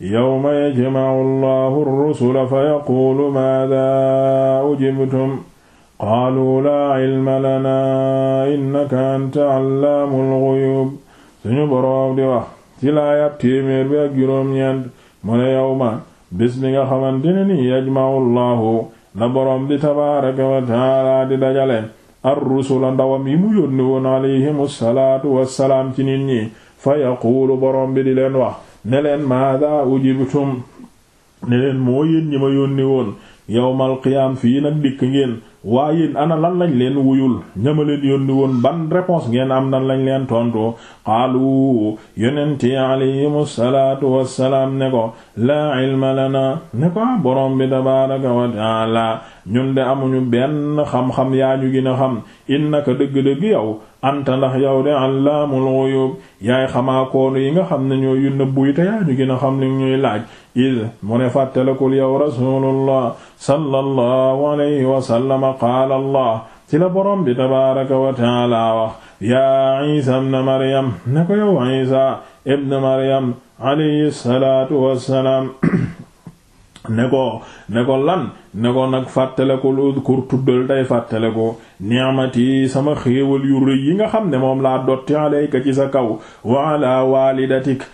yawma yajma'u allahu ar-rusula fa yaquulu maadaa ujibtum qaalu laa ilma lanaa innaka anta allaamul ghuyuub suñu boroom di wax ci laayab téeméer bi ak juróom-ñeent mu ne yawma bis bi nga xamante ne nii yajma'u allahu la boroom di tabaaraka wa taala di dajale ar-rusula ndawam yi mu yónni woon alayhimu salaatu wassalaam ci nit ñi fa yaquulu boroom bi di leen wax ne leen maada ujibtum leen moo yéen ñi ma yónni woon yawmal qiyaam fii nag dikk ngeen waaye yéen ana lan lañ leen wuyul ñama leen yónni woon ban réponse ngeen am nan lañ leen tontu qaalu yonente alayhimu salaatu wassalaam ne ko laa ilma lana ne ko ah, borom bi tabaaraka wa taala ñun de amuñu benn xam-xam yaa ñu gën a xam innaka dëgg-dëgg yow anta ndax yow de allaamul ghuyub yaay xamaa koonu yi nga xam ne ñooy yu nëbbu yi te yaa ñu gën a xam li ñuy laaj id mu ne fàttalakul yow rasulullah sallallahu alayhi wa sallam qaala allah ci la borom bi tabaaraka wa taala wax yaa isa ibn maryam ne ko yow isa ibn maryam alayhi salaatu wassalaam ne ko ne ko lan ne ko nag fàttale ko udkur tuddal tey fàttale ko ni'mati sama xéewal yu rëy yi nga xam ne moom laa dotti alayka ci sa kaw wa ala walidatik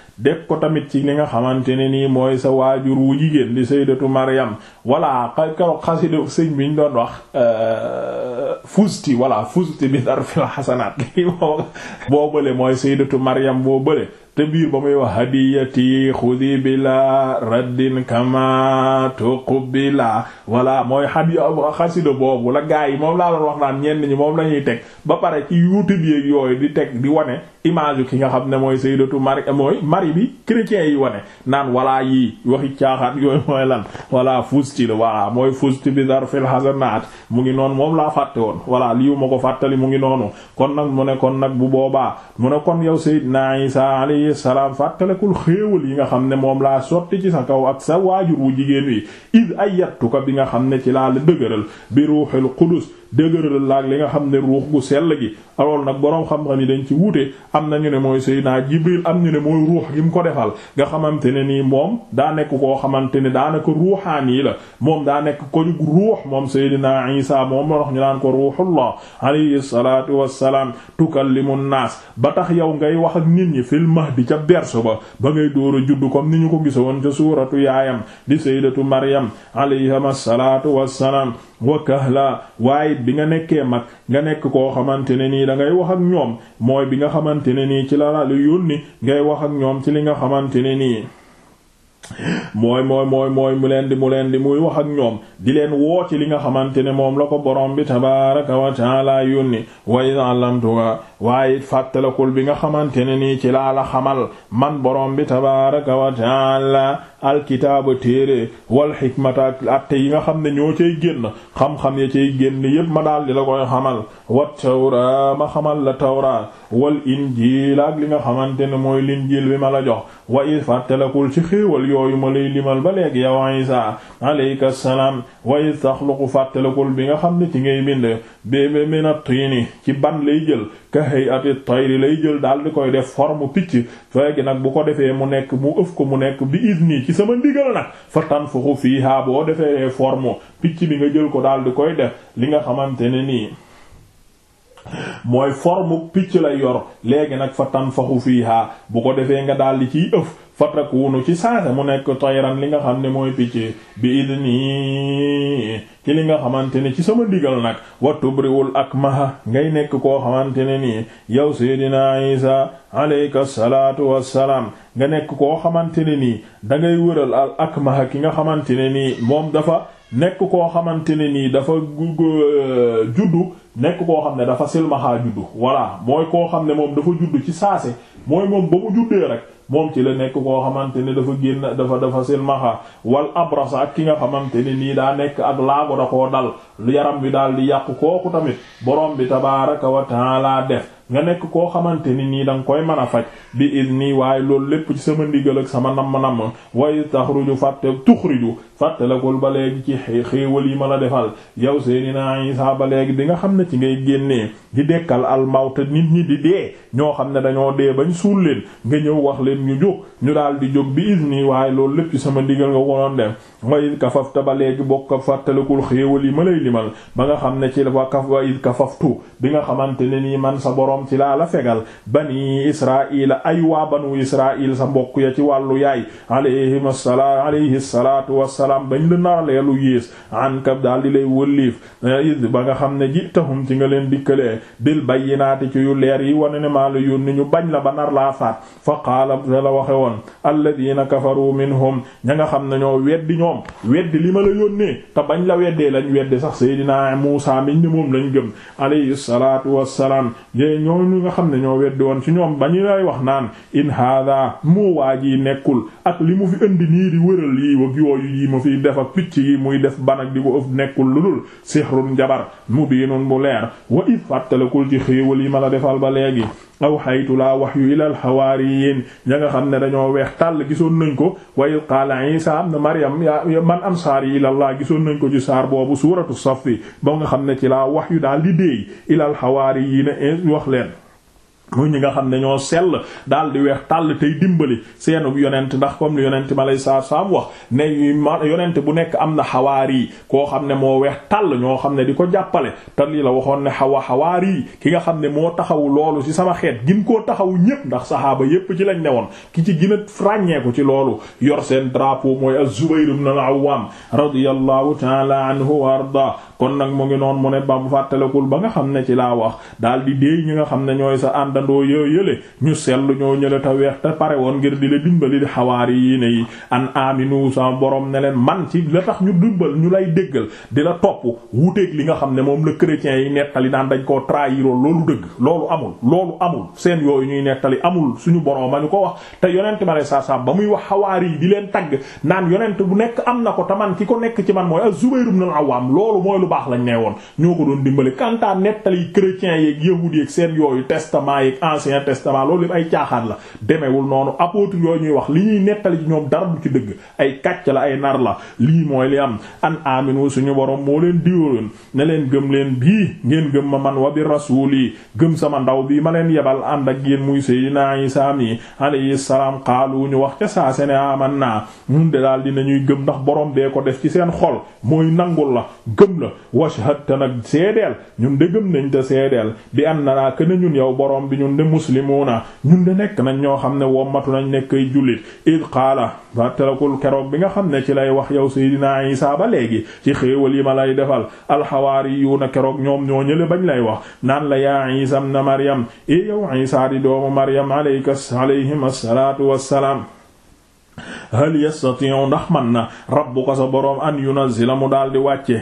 ko tamit ci li nga xamante ne nii mooy sa waajur wu jigéen di sayyidatu Maryam walla xaw xasida sëñ bi ñu doon wax fusti walla fusti bi darfil xasanaat boo moo mooy sayyidatu Maryam boo bële te biir ba muy wax hadiyati xudi bila raddin kama tuqbila walla mooy hadiya xasida boobu la gaa yi moom laa wax naan ñenn ñi moom la ñuy teg ba pare ci youtube yeeg yooyu di teg di wane image ki nga xam ne mooy sayyidatu mari mooy mari bi chrétiens yi wane naan walla yii waxi caaxaat yooyu mooy lan walla fusti la walla mooy fusti bi darfil hasanaat mu ngi noonu moom laa fàtte woon walla lii ma ko fàttali mu ngi noonu kon nag mu ne kon nag bu boobaa mu alayhi salaam fàttalekul xéewal yi nga xam ne moom laa sotti ci sa kaw ak sa waajur wu jigéen wi id ayyatuka bi nga xam ne ci laa la dëgëral bi ruuxil qudus dëgëral laak li nga xam ne ruux gu sell gi alors nag boroom xam-xam yi dañ ci wuute am na ñu ne mooy Seydina Jibril am ñu ne mooy ruux gi mu ko defal nga xamante ne nii moom daa nekk koo xamante ne daanaka ruuxaani la moom daa nekk ko ruux moom Seydina Isa moom moo tax ñu naan ko ruuxullah alayhi salaatu wassalaam tukallimu naas ba tax yow ngay wax ak nit ñi fil mahdi ca berso ba ba ngay door a juddu comme ni ñu ko gisoon ca suuratu yaayam di Sayyidatu Maryam alayha salaatu wassalaam wa kahla waaye bi nga nekkee mag nga nekk koo xamante ne nii da ngay wax ak ñoom mooy bi nga xamante ne nii ci la lu yónni ngay wax ak ñoom ci li nga xamante ne nii mooy mooy mooy mooy mu leen di mu leen di muy wax ak ñoom di leen woo ci li nga xamante ne moom la ko borom bi tabaaraka wa taala yónni wa iz alamtuka waaye it fàttalakul bi nga xamante ne nii ci laa la xamal man borom bi tabaaraka wa taala alkitaaba téere wal xikmata ak atte yi nga xam ne ñoo cay génn xam-xam ya cay génn yépp ma daal di la koy xamal wa tawra ma xamal la tawra wal injiil ak li nga xamante ne mooy linjiil bi ma la jox wa it fàttalakul ci xéewal yooyu ma lay limal ba léegi yow Isa alayka salaam wa it taxluqu fàttalakul bi nga xam ne ci ngay bind bébé minat tiini ci ban lay jël hay'ati tayri lay jël daal di koy def forme picc feegi nag bu ko defee mu nekk mu ëf ko mu nekk bi idni ci sama ndigal nag fa fii fiiha boo defee forme picc bi nga jël ko daal di koy def li nga xamante ne nii mooy forme picc la yor léegi nag fa tanfaxu fiiha bu ko defee nga daal di ciy ëf fa ci saasa mu nekk tayran li nga xam ne mooy picc bi idni ki li nga xamante ne ci sama digal nag wa tubriwul akmaha ngay nekk koo xamante ne nii yow seydina isa alayka salaatu wassalaam nga nekk koo xamante ne nii da ngay wëral al akmaha ki nga xamante ne nii moom dafa nekk koo xamante ne nii dafa euh, juddu nekk koo xam ne dafa silmaxaa juddu voilà mooy koo xam ne moom dafa juddu ci saase mooy moom ba mu juddee rek moom ci la nekk koo xamante ne dafa génn dafa dafa silmaxaa wal abrasa ki nga xamante ne nii daa nekk ak laago da koo dal yaram wi daal di yàqu kooku tamit borom bi tabaaraka wa taala def nga nekk koo xamante ni nii da nga koy mën a faj bi nii waaye loolu lépp ci sama ndigal ak sama namm-namm way taxruju fàtte tuxriju fàttalakul ba léegi ci xéewal yi ma la defal yow Seydina Isa ba léegi bi nga xam ne ci ngay génnee di dekkal almawta nit ñi di dee ñoo xam ne dañoo dee bañ suul leen nga ñëw wax leen ñu jóg ñu daal di jóg bi isni waaye loolu lépp ci sama ndigal nga wonoon dem waid kafafta ba léegi bokk fàttalakul xéewal yi ma lay limal ba nga xam ne ci wa kaf waid kafaftu bi nga xamante ne nii man sa boroom ci laa la fegal bani israila ay waa banu israil sa mbokk ya ci wàllu yaay salaam bañ la naralee lu yées ankab daal di lay wëlliif ba nga xam ne ji taxum ci nga leen dikkalee bil bayyinaati ci yu leer yi wane ne maa la yónni ñu bañ la ba nar laa faat fa qaala da la waxe woon alladina kafaru minhum ña nga xam ne ñoo weddi ñoom weddi li ma la yónnee te bañ la weddee lañ weddi sax seydinaa Muusaa miñ ni moom lañ gëm alayhi salaatu wassalaam yé ñoo ñu nga xam ne ñoo weddi woon ci ñoom bañu lay wax naan in haada moo waa ji nekkul ak li mu fi indi nii di wëral yi wag yooyu yi ma fiy def ak picc yi muy def ban ak di ko ëf nekkul lu dul sihrun njabar mu biinun bu leer wa it fàttalakul ci xéewal yi ma la defal ba léegi aw xaytu laa waxyu ilal xawaariyiin ya nga xam ne dañoo weex tàll gisoon nañ ko wa id qaala isa ibn maryam ya man ansaari ilallah gisoon nañ ko ci saar boobu suuratu safi ba nga xam ne ci laa waxyu daal di déey ilal xawaariyiin eh, wax leen mu ñi nga xam ne ñoo sell daal di weex tàll tey dimbali seenu yonent ndax comme li yonent ma lay saa saam wax ne yonent bu nekk am na xawaari yi koo xam ne moo weex tàll ñoo xam ne di ko jàppale te lii la waxoon ne xawa xawaari yi ki nga xam ne moo taxawu loolu ci sama xeet gin koo taxawu ñépp ndax saxaaba yépp ci lañ newoon ki ci gën a ràññeeku ci loolu yor seen drapeau mooy az-Zubayr ibn al-Awwam radiyallahu ta'ala anhu wa arda kon nag mu ngi noon mu ne ba mu nga xam ne ci laa wax àndandoo yoo yële ñu sellu ñoo ñële ta weex te pare woon ngir di la dimbali di xawaari yi ne yi an aminu sa borom ne man ci la tax ñu dimbal ñu lay déggal di la topp wuuteeg li nga xam ne moom la chrétiens yi nettali naan dañ koo trahiroo loolu dëgg loolu amul loolu amul seen yooyu ñuy nettali amul suñu borom a ñu ko wax te yonent ma lay saa saa ba muy wax xawaari yi di leen tagg naan yonent bu nekk am na ko te man ki ko nekk ci man mooy az-Zubayr ibn al-Awwam loolu mooy lu ne woon ñoo ko yeeg ancien testament loolu yëpp ay caaxaan la demewul noonu apôtre yooyu ñuy wax li ñuy nettali ci ñoom dara du ci dëgg ay kàcc la ay nar la lii mooy li am an aminu suñu boroom moo leen diwóoroon ne leen gëm leen bii ngeen gëm ma man wa bi rasul yi gëm sama ndaw bii ma leen yebal ànd ak yéen muy Seydina Isa mi alayhi salaam xaalu ñu wax ca saa sene aman naa ñun de daal ñuy gëm ndax boroom bee ko def ci seen xol mooy nangul la gëm la washhad te nag seedeel ñun gëm nañ te na ñun de muslimuuna ñun de nekk nañ ñoo xam ne wommatu nañ nekk ay jullit id qaala fàttalakul keroog bi nga xam ne ci lay wax yow Seydina Isa ba léegi ci xéewal yi ma lay defal alxawaariyuuna keroog ñoom ñoo ñële bañ lay wax naan la yaa Isa na mariam e yow Isa di doomu Maryam alayka alayhim wa salaam hal yastati'u ndax man na rabbuka sa boroom an yunazzila mu daal di wàcce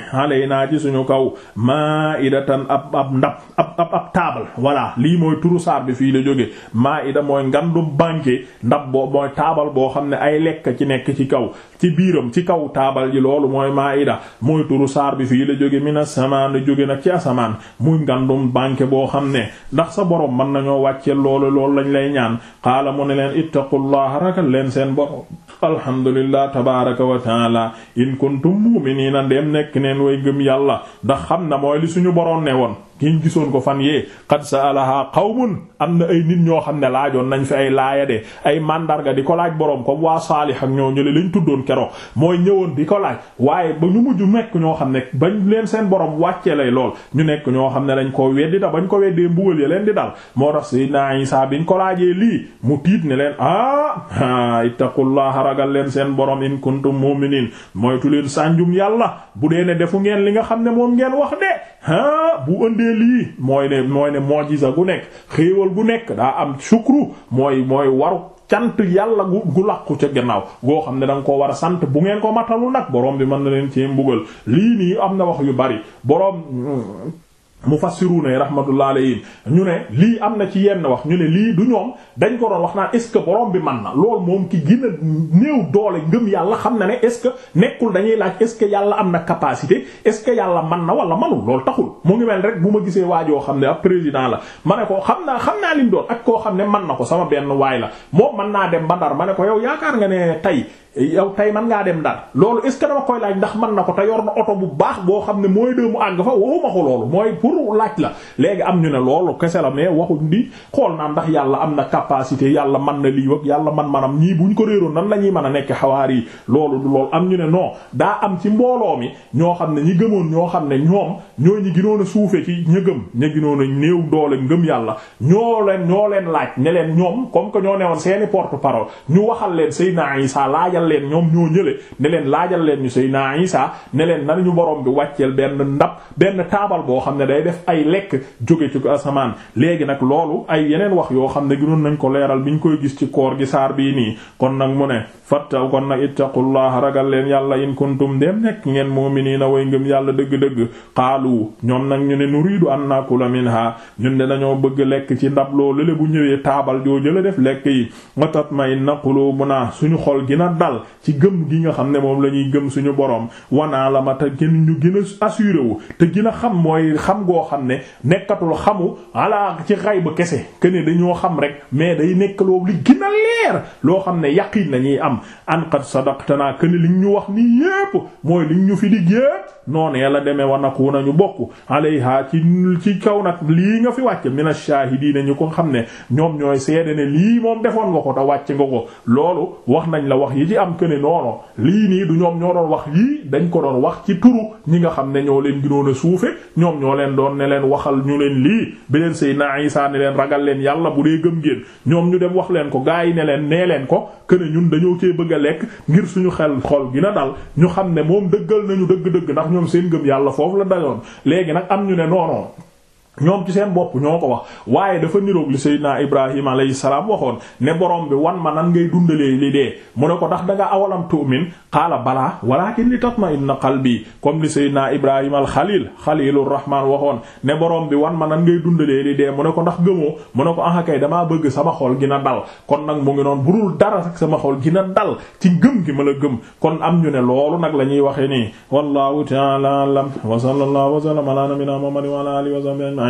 naa ci suñu kaw maa'idatan ab ab ndab ab ab taabal voilà lii mooy turu saar bi fii la jóge maa'ida mooy ngandum banquet ndab boo mooy taabal boo xam ne ay lekk ci nekk ci kaw ci biiram ci kaw taabal ji loolu mooy maa'ida mooy turu saar bi fii la jóge mina samaan jóge nag ci asamaan muy ngandum banquet boo xam ne ndax sa boroom mën nañoo wàcce loolu loolu lañ lay ñaan qaala mu ne leen ittaqullaha ragal leen seen boroom alhamdulillah tabaraka wa taala in kuntum mu'minina ndem nekk neen way gëm yàlla ndax xam na mooy li suñu boroom ne woon ngeen gisoon ko fan yee qad sa'alaha qawmun am na ay nit ñoo xam ne laajoon nañ fi ay laaya de ay mandarga di ko laaj boroom comme waa saalih ak ñoo ñële lañ tuddoon keroog mooy ñëwoon di ko laaj waaye ba ñu mujj nekk ñoo xam ne bañ leen seen borom wàccee lay lool ñu nekk ñoo xam ne dañ ko weddi da bañ ko weddee mbugal ya leen di dal moo tax sayyidina Isa biñ ko laajee lii mu tiit ne leen ah ittaqullaha ragal leen seen borom in kuntum mu'minin moytu leen sànjum yàlla bu dee ah bu ëndee lii mooy ne mooy ne mojiza gu nekk xéewal gu nekk daa am sukru mooy mooy waru cant yàlla gu gu làqu ca gannaaw goo xam ne da ko war a sant bu ngeen ko matalu nag borom bi mën na leen ci mbugal lii nii am na wax yu bari borom. Mm, mufassiruna rahmatullah alayhim ñu ne lii am na ci yenn wax ñu ne lii du ñoom dañ ko doon wax naan est-ce que borom bi man na lool moom ki gën a néew doole ngëm yàlla xam na ne est-ce que nekkul dañuy laaj est-ce que yàlla am na capacité est-ce que yàlla man na wala manul loolu taxul mu ngi mel rek bu ma gisee waajoo xam ne ab président la ma ne ko xam naa xam naa lim doon ak koo xam ne man na ko sama benn waay la moo mën naa dem ba Ndar ma ne ko yow yaakaar nga ne tey yow tey man ngaa dem Ndar loolu est ce dama koy laaj ndax man na ko te yor oto bu baax boo xam ne mooy dee mu àgg fa waxuma ko loolu mooy pour laaj la léegi am ñu ne loolu kese la mais waxuñ di xool naa ndax yàlla am na capacité yàlla man na lii wag yàlla man manam ñii bu ñu ko réeroon nan la ñuy mën a nekk xawaar yi loolu du am ñu ne noo daa am ci mbooloo mi ñoo xam ne ñi gënoon ñoo xam ne ñoom ñoo ñi ginoon a suufe ci ña gëm ña ginoon a néew doole ngëm yàlla ñoo leen ñoo leen laaj ne ñoom comme que ñoo newoon seeni porte laajal leen ñoom ñoo ñële ne leen laajal leen ñu Seydina Isa ne leen nan ñu borom bi wàcceel benn ndab benn taabal boo xam ne day def ay lekk jóge ci asamaan léegi nag loolu ay yeneen wax yoo xam ne ginoon nañ ko leeral biñ koy gis ci koor gi saar bii nii kon nag mu ne fattaw kon nag ittaqullaha ragal leen yàlla in kuntum dem nekk ngeen mu'miniina way ngëm yàlla dëgg-dëgg xaalu ñoom nag ñu ne nuriidu an nakula minha ñun de dañoo bëgg lekk ci ndab loo le bu ñëwee taabal joo jëla def lekk yi wa tatma'inna qulubuna suñu xol gi na dal xamal ci gëm xam ne moom la ñuy gëm suñu boroom wanaa la ma te gën ñu gën a assuré wu te gën a xam mooy xam goo xam ne nekkatul xamu ala ci xay ba kese que ne dañoo xam rek mais day nekk li loo xam ne yaqiin lañuy am an qad sadaqtana que ne li ñu wax nii yépp mooy li ñu fi dig yépp noonee la demee wa nakuna ñu bokk alayha ci ci kaw nag lii nga fi wàcc mina shahidiina ñu ko xam ne ñoom ñooy seede ne lii moom defoon nga ko te wàcc nga ko loolu wax nañ la wax yi am que ne noono lii nii du ñoom ñoo doon wax yii dañ ko doon wax ci turu ñi nga xam ne ñoo leen ginoon a suufe ñoom ñoo leen doon ne leen waxal ñu leen lii bi leen naa Isa ne leen ragal leen yàlla bu dee gëm ngeen ñoom ñu dem wax leen ko gaa yi ne leen nee leen ko que ne ñun dañoo cee bëgg a lekk ngir suñu xel xol gi na dal ñu xam ne moom dëggal nañu dëgg-dëgg ndax ñoom seen gëm yàlla foofu la dayoon léegi nag am ñu ne noono ñoom ci seen bopp ñoo ko wax waaye dafa niroog li Seydina Ibrahim alayhi salaam waxoon ne borom bi wan ma nan ngay dundalee li dee mu ne ko ndax da nga awalam tu'min qaala balaa walaakin li tatma'inna qalbi comme li Seydina Ibrahim al Xalil Xalilur Rahmaan waxoon ne borom bi wan ma nan ngay dundalee li dee mu ne ko ndax gëmoo mu ne ko ah bëgg sama xol gi na dal kon nag mu ngi noon sama xol gi na dal ci gëm gi ma la gëm kon am ñu ne loolu nag la ñuy nii wallahu ta'ala a'lam wa sallallahu wa sallama ala nabiyyina Muhammadin wa ala alihi